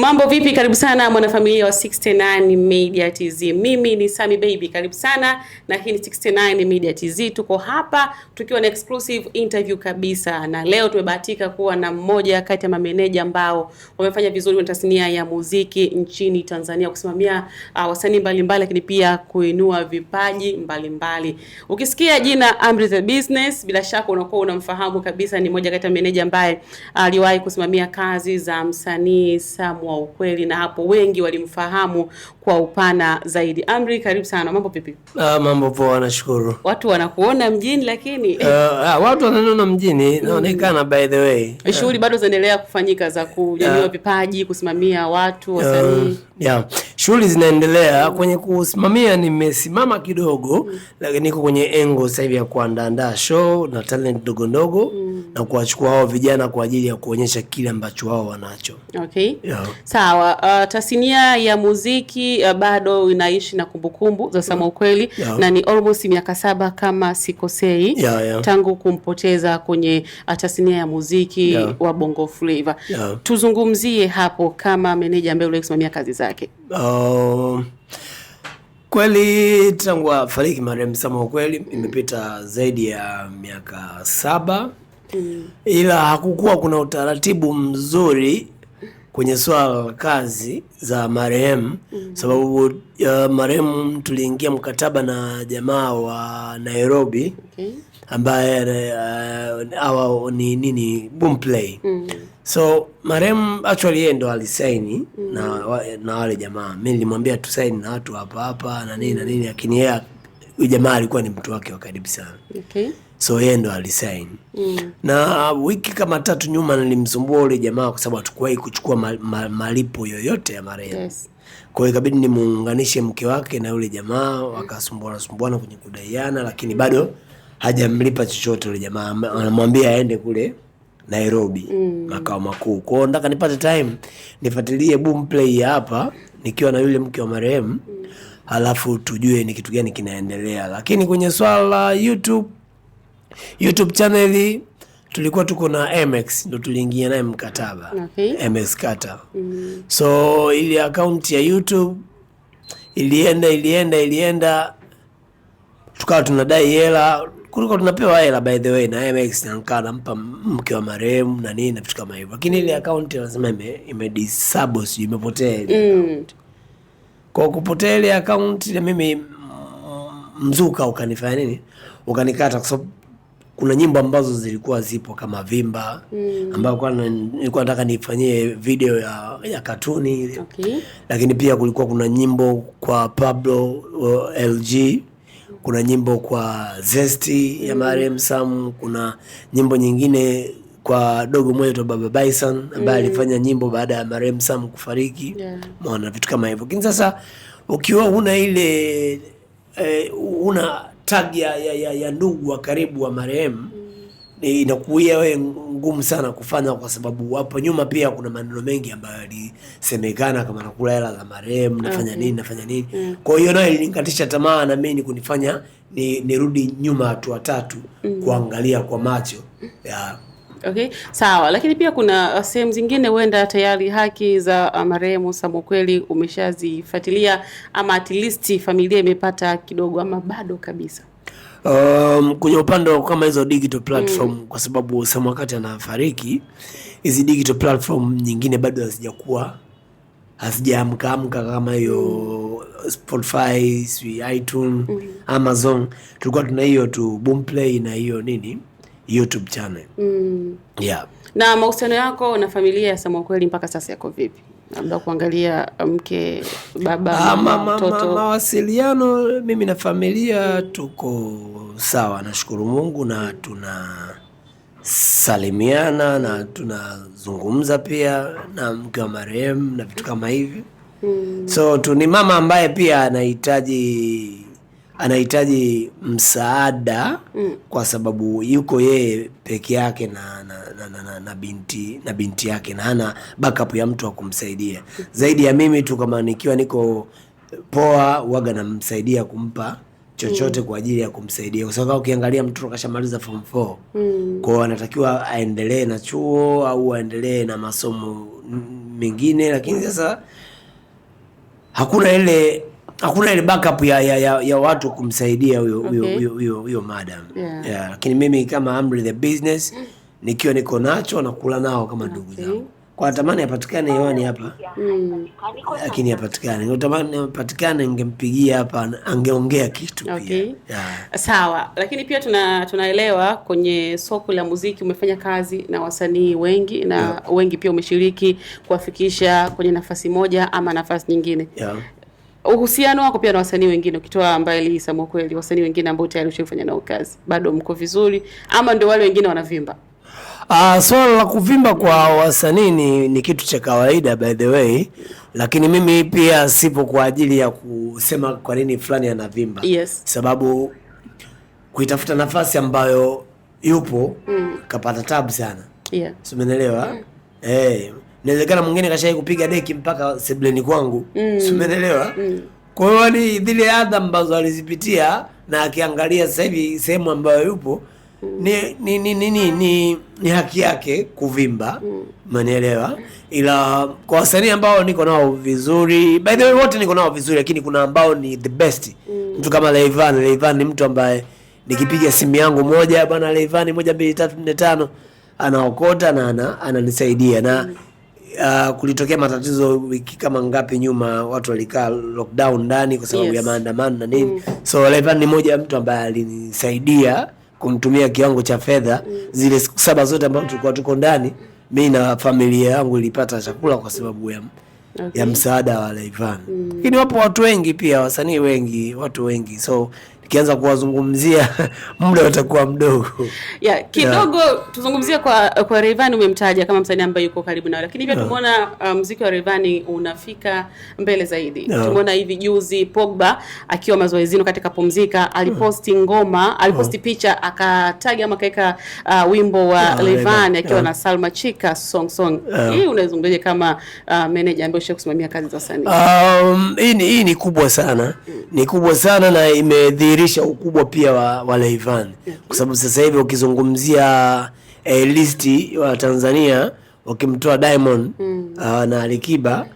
Mambo vipi? Karibu sana mwanafamilia wa 69 Media TZ. Mimi ni Sami Baby, karibu sana na hii ni 69 Media TZ. Tuko hapa tukiwa na exclusive interview kabisa, na leo tumebahatika kuwa na mmoja kati ya mameneja ambao wamefanya vizuri kwenye tasnia ya muziki nchini Tanzania, kusimamia uh, wasanii mbalimbali, lakini pia kuinua vipaji mbalimbali mbali. Ukisikia jina Amri the Business, bila shaka unakuwa unamfahamu kabisa, ni mmoja kati ya meneja ambaye uh, aliwahi uh, kusimamia kazi za msanii Sam ufahamu wa ukweli, na hapo wengi walimfahamu kwa upana zaidi. Amri, karibu sana. Mambo vipi? Ah, mambo poa, nashukuru. Watu wanakuona mjini lakini uh, watu wananiona mjini naonekana. Mm. By the way, eh, shughuli ah. bado zinaendelea kufanyika za kunyanyua vipaji, kusimamia watu wasanii uh, yeah. Shughuli zinaendelea mm. Kwenye kusimamia nimesimama kidogo mm. Lakini niko kwenye engo sasa hivi ya kuandaandaa show na talent ndogo ndogo mm na kuwachukua hao vijana kwa ajili ya kuonyesha kile ambacho wao wanacho. Okay. Yeah. Sawa. Uh, tasnia ya muziki uh, bado inaishi na kumbukumbu za Sama Ukweli yeah. na ni almost miaka saba kama sikosei yeah, yeah. tangu kumpoteza kwenye uh, tasnia ya muziki yeah. wa Bongo Flava yeah. tuzungumzie hapo kama meneja ambaye kusimamia kazi zake. Um, kweli tangu afariki marehemu Sama Ukweli imepita zaidi ya miaka saba mm. ila hakukuwa kuna utaratibu mzuri kwenye swala la kazi za marehemu mm -hmm. Sababu uh, marehemu tuliingia mkataba na jamaa wa Nairobi okay. ambaye uh, eh, awa ni nini Boomplay mm -hmm. So marehemu actually yeye ndo alisaini mm -hmm. na, wa, na wale jamaa, mi nilimwambia tusaini na watu hapa hapa na nini na mm. nini, lakini yeye jamaa alikuwa ni mtu wake wa karibu sana okay so yeye ndo alisign mm. Na uh, wiki kama tatu nyuma nilimsumbua ule jamaa kwa sababu hatukuwahi kuchukua ma, ma, malipo yoyote ya marehemu yes. Kwa hiyo ikabidi nimuunganishe mke wake na yule jamaa mm. wakasumbuana sumbuana kwenye kudaiana, lakini bado hajamlipa chochote yule jamaa, anamwambia aende kule Nairobi mm. makao makuu. Kwa hiyo nataka nipate time nifuatilie Boomplay hapa nikiwa na yule mke wa marehemu mm. Alafu tujue ni kitu gani kinaendelea, lakini kwenye swala la YouTube YouTube channel tulikuwa tuko na MX ndo tuliingia naye mkataba okay. MX Kata mm. Mm-hmm. So ile akaunti ya YouTube ilienda ilienda ilienda, tukawa tunadai hela kuliko tunapewa hela, by the way, na MX nankaa nampa mke wa marehemu na nini na vitu kama hivyo, lakini ile akaunti lazima imedisable, sijui imepotea ile mm. akaunti. Kwa kupotea ile na mimi mzuka ukanifanya nini, ukanikata kwa sababu kuna nyimbo ambazo zilikuwa zipo kama Vimba mm. ambayo kwa nilikuwa nataka nifanyie video ya ya katuni ile okay. Lakini pia kulikuwa kuna nyimbo kwa Pablo uh, LG, kuna nyimbo kwa Zesty mm. ya Mariam Sam, kuna nyimbo nyingine kwa dogo tu Baba Bison ambaye mm. alifanya nyimbo baada ya Mariam Sam kufariki yeah. Mwana vitu kama hivyo, lakini sasa ukiwa una ile eh, una tag ya, ya, ya ndugu wa karibu wa marehemu inakuia wewe ngumu sana kufanya, kwa sababu hapo nyuma pia kuna maneno mengi ambayo yalisemekana kama nakula hela za marehemu, nafanya nini, nafanya nini. Mm. Kwa hiyo nayo ilinikatisha tamaa na mimi ni kunifanya nirudi nyuma hatua tatu mm. kuangalia kwa macho ya Okay, sawa. Lakini pia kuna uh, sehemu zingine huenda tayari haki za uh, marehemu Sam Ukweli umeshazifuatilia ama at least familia imepata kidogo ama bado kabisa? Um, kwenye upande wa kama hizo digital platform mm. Kwa sababu Sam wakati anafariki hizi digital platform nyingine bado hazijakuwa hazijaamka amka kama hiyo Spotify, iTunes, mm. Amazon tulikuwa tuna hiyo tu Boomplay na hiyo nini YouTube channel. Mm. Yeah. Na mahusiano yako na familia ya Sema Ukweli mpaka sasa yako vipi? Labda kuangalia mke, baba, ah, mama, mtoto. Mawasiliano mimi na familia tuko sawa, nashukuru Mungu na tunasalimiana na tunazungumza pia na mke wa marehemu na vitu kama hivyo. Mm. So tu ni mama ambaye pia anahitaji anahitaji msaada mm. kwa sababu yuko yeye peke yake na, na, na, na, na, na, binti, na binti yake na hana backup ya mtu wa kumsaidia zaidi ya mimi tu. Kama nikiwa niko poa, waga namsaidia kumpa chochote mm. kwa ajili ya kumsaidia, kwa sababu ukiangalia mtu akashamaliza form 4 mm. kwao, anatakiwa aendelee na chuo au aendelee na masomo mengine, lakini mm. sasa hakuna ile hakuna ile backup ya, ya, ya, ya watu kumsaidia huyo huyo okay. madam yeah. yeah. Lakini mimi kama amri the business nikiwa niko nacho nakula nao kama ndugu okay. zangu kwa natamani apatikane hewani hapa mm. lakini hapatikane. Natamani apatikane, ningempigia hapa angeongea kitu pia yeah. Sawa, lakini pia tuna tunaelewa kwenye soko la muziki umefanya kazi na wasanii wengi na yeah. wengi pia umeshiriki kuwafikisha kwenye nafasi moja ama nafasi nyingine yeah uhusiano wako pia na wasanii wengine, ukitoa mbali hii kweli, wasanii wengine ambao tayari ushafanya nao kazi, bado mko vizuri ama ndio wale wengine wanavimba? Uh, swala la kuvimba kwa wasanii ni, ni kitu cha kawaida by the way, lakini mimi pia sipo kwa ajili ya kusema kwa nini fulani anavimba. Yes. Sababu kuitafuta nafasi ambayo yupo mm. kapata tabu sana. Yeah. Simenelewa? Mm. Eh, hey inawezekana mwingine kashai kupiga deki mpaka sebleni kwangu mm. si mm. kwa hiyo ni yaani zile adha ambazo alizipitia na akiangalia sasa hivi sehemu ambayo yupo mm. ni ni ni, ni, ni, ni, ni haki yake kuvimba mm. manielewa, ila kwa wasanii ambao niko nao vizuri, by the way wote niko nao vizuri, lakini kuna ambao ni the best mm. mtu kama Rayvanny. Rayvanny ni mtu ambaye nikipiga simu yangu moja, bwana Rayvanny moja mbili tatu nne tano, anaokota na ana, ananisaidia na mm uh, kulitokea matatizo wiki kama ngapi nyuma, watu walikaa lockdown ndani kwa sababu yes. ya maandamano na nini mm. so Levan ni moja ya mtu ambaye alinisaidia kumtumia kiwango cha fedha mm. zile siku saba zote ambazo tulikuwa tuko ndani, mi na familia yangu ilipata chakula kwa sababu ya okay. ya msaada wa Rayvanny mm. Lakini wapo watu wengi pia, wasanii wengi, watu wengi so ukianza kuwazungumzia muda utakuwa mdogo yeah, kidogo yeah. Tuzungumzie kwa kwa Rayvanny, umemtaja kama msanii ambaye yuko karibu nawe, lakini pia yeah. Tumeona uh, muziki um, wa Rayvanny unafika mbele zaidi yeah. Tumeona hivi juzi Pogba akiwa mazoezini katika pumzika aliposti hmm. ngoma aliposti yeah. Hmm. picha akataga ama akaweka uh, wimbo wa yeah, Rayvanny akiwa yeah. na Salma Chika song song yeah. Hii unaizungumzaje kama uh, manager ambaye kusimamia kazi za wasanii? Um, hii ni kubwa sana mm. Ni kubwa sana na imedhiri inadhihirisha ukubwa pia wa, wa Rayvanny kwa sababu sasa hivi ukizungumzia eh, listi wa Tanzania wakimtoa Diamond mm. uh, na Alikiba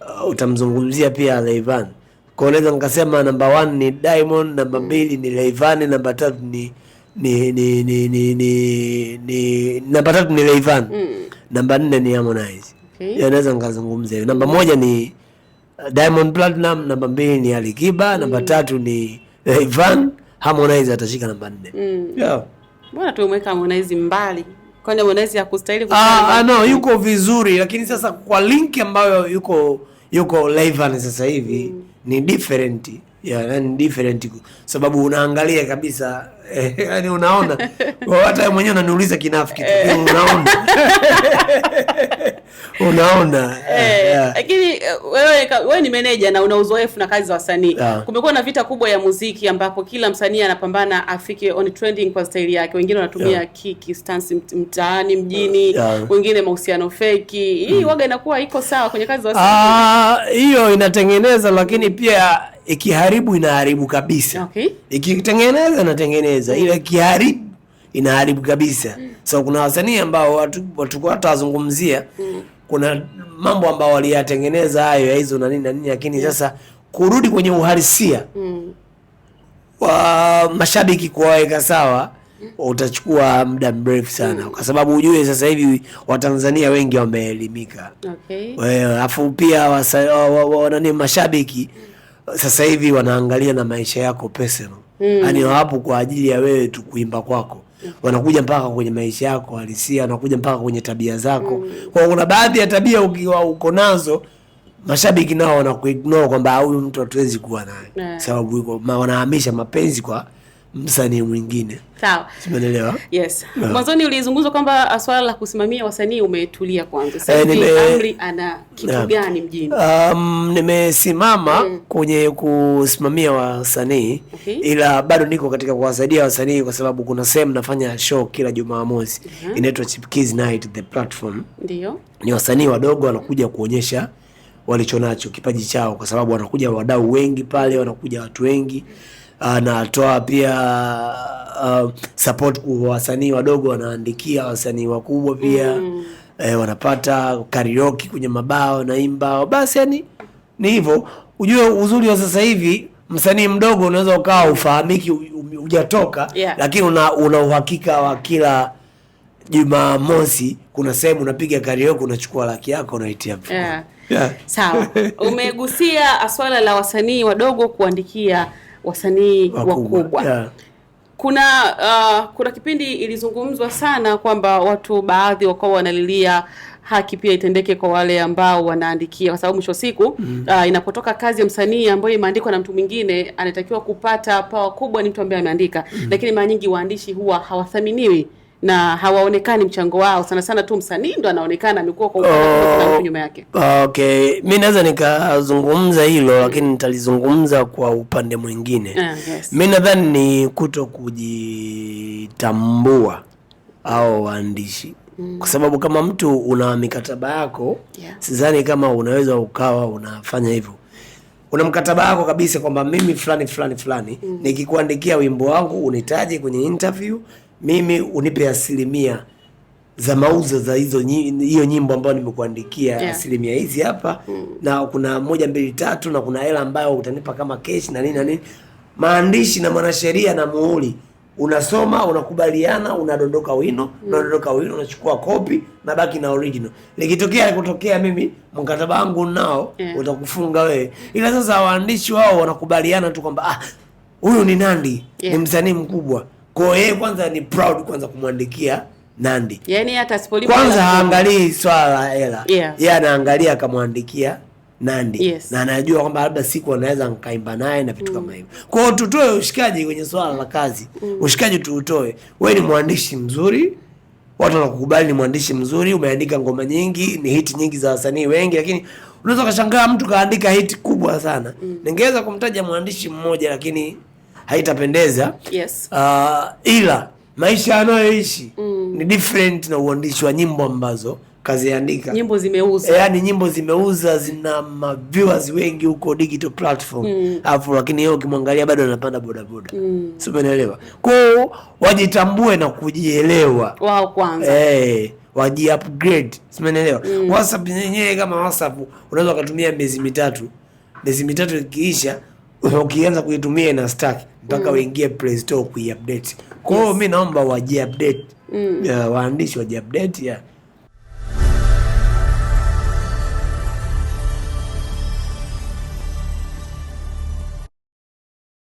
uh, utamzungumzia pia Rayvanny. Kwa hiyo nikasema namba 1 ni Diamond, namba 2 mm. ni Rayvanny, namba 3 ni ni ni ni ni ni, ni namba tatu ni Rayvanny. Mm. Namba nne ni Harmonize. Okay. Naweza nikazungumza hiyo. Namba moja ni eh, Diamond Platinum, namba mbili ni Alikiba, namba mm. tatu ni Ivan eh, Harmonize atashika namba 4. Mm. Yeah. Bwana tumweka Harmonize mbali. Kwani Harmonize ya kustahili kwa Ah, ah, no, yuko vizuri lakini sasa kwa link ambayo yuko yuko Rayvanny sasa hivi mm. ni different ya yani different, sababu unaangalia kabisa eh, yani unaona hata mwenyewe unaniuliza kinafiki eh. unaona unaona eh, lakini eh, yeah. Wewe, wewe ni meneja na una uzoefu na kazi za wasanii yeah. Kumekuwa na vita kubwa ya muziki ambapo kila msanii anapambana afike on trending kwa staili yake, wengine wanatumia yeah. kiki stance mtaani mjini yeah. Wengine mahusiano feki hii mm. Waga inakuwa iko sawa kwenye kazi za wasanii ah, hiyo inatengeneza, lakini pia ikiharibu inaharibu kabisa. Okay. Ikitengeneza inatengeneza, ila ikiharibu inaharibu kabisa. Mm. So kuna wasanii ambao watu watakuwa watazungumzia mm. kuna mambo ambao waliyatengeneza hayo ya hizo na nini na nini, lakini mm. sasa kurudi kwenye uhalisia mm. wa mashabiki kuwaweka sawa mm. utachukua muda mrefu sana mm. kwa sababu ujue sasa hivi Watanzania wengi wameelimika. Okay. Alafu pia wa, wa, wa, wa, nani mashabiki mm sasa hivi wanaangalia na maisha yako personal mm. yaani, mm. wapo kwa ajili ya wewe tu kuimba kwako mm. wanakuja mpaka kwenye maisha yako halisia, wanakuja mpaka kwenye tabia zako mm. kwa kuna baadhi ya tabia ukiwa uko nazo mashabiki nao wanakuignore kwamba huyu mtu hatuwezi kuwa naye yeah. sababu wanahamisha mapenzi kwa msanii mwingine. Sawa. Simeelewa? Yes. Yeah. Mwanzoni ulizungumza kwamba uh, swala la kusimamia wasanii umetulia kwanza. Sasa e, nime... Amri ana kitu yeah, gani mjini? Um, nimesimama mm, kwenye kusimamia wasanii okay, ila bado niko katika kuwasaidia wasanii kwa sababu kuna sehemu nafanya show kila Jumamosi. Uh -huh. Inaitwa Chipkiz Night the Platform. Ndio. Ni wasanii wadogo wanakuja kuonyesha walichonacho kipaji chao kwa sababu wanakuja wadau wengi pale, wanakuja watu wengi. Mm anatoa pia uh, support kwa wasanii wadogo, wanaandikia wasanii wakubwa pia mm. Eh, wanapata karaoke kwenye mabao naimba. Basi yani ni hivyo. Ujue uzuri wa sasa hivi msanii mdogo unaweza ukawa ufahamiki, hujatoka yeah. Lakini una, una uhakika wa kila Jumamosi kuna sehemu unapiga karaoke, unachukua laki yako unaitia yeah. Yeah. Sawa, umegusia swala la wasanii wadogo kuandikia wasanii wakubwa yeah. Kuna uh, kuna kipindi ilizungumzwa sana kwamba watu baadhi wakawa wanalilia haki pia itendeke kwa wale ambao wanaandikia, kwa sababu mwisho siku mm. uh, inapotoka kazi ya msanii ambayo imeandikwa na mtu mwingine, anatakiwa kupata pawa kubwa ni mtu ambaye ameandika mm. Lakini mara nyingi waandishi huwa hawathaminiwi na hawaonekani mchango wao sana sana tu msanii ndo anaonekana amekuwa kwa upande oh, nyuma yake. Okay, mimi naweza nikazungumza hilo mm, lakini nitalizungumza kwa upande mwingine ah, yes. Mimi nadhani ni kuto kujitambua au waandishi mm. kwa sababu kama mtu una mikataba yako yeah, sidhani kama unaweza ukawa unafanya hivyo una mkataba wako kabisa kwamba mimi fulani fulani fulani mm. nikikuandikia wimbo wangu unahitaji kwenye interview mimi unipe asilimia za mauzo za hizo hiyo nyimbo ambayo nimekuandikia yeah. asilimia hizi hapa mm. na kuna moja mbili tatu na kuna hela ambayo utanipa kama cash na nini na nini. Maandishi na mwanasheria na muhuri, unasoma unakubaliana, unadondoka wino mm. unadondoka wino, unachukua kopi na baki na original. Likitokea kutokea mimi mkataba wangu nao yeah. utakufunga wewe, ila sasa waandishi wao wanakubaliana tu kwamba ah, huyu ni Nandi yeah. ni msanii mkubwa kwa hiyo yeye kwanza ni proud kwanza kumwandikia Nandi. Yaani hata sipolipa kwanza haangalii swala la hela. Yeye yeah, anaangalia akamwandikia Nandi. yes. Na anajua kwamba labda siku anaweza nkaimba naye na vitu mm, kama hivyo. Kwa hiyo tutoe ushikaji kwenye swala la kazi mm. Ushikaji tuutoe, wewe ni mwandishi mzuri, watu wanakukubali ni mwandishi mzuri, umeandika ngoma nyingi, ni hiti nyingi za wasanii wengi, lakini unaweza ukashangaa mtu kaandika hiti kubwa sana mm. Ningeweza kumtaja mwandishi mmoja lakini haitapendeza yes. Uh, ila maisha anayoishi mm. ni different na uandishi wa nyimbo ambazo kaziandika. Nyimbo zimeuza, eh, yani nyimbo zimeuza, zina ma viewers wengi huko digital platform mm. Afu lakini yeye ukimwangalia bado anapanda bodaboda mm. si umeelewa? Kwao wajitambue na kujielewa wao kwanza, hey, eh, waji upgrade, simenelewa mm. WhatsApp yenyewe kama WhatsApp unaweza ukatumia miezi mitatu, miezi mitatu ikiisha ukianza kuitumia na stack mpaka mm. uingie Play Store kuiupdate. Kwa hiyo yes. mimi naomba update mm. uh, waandishi update yeah.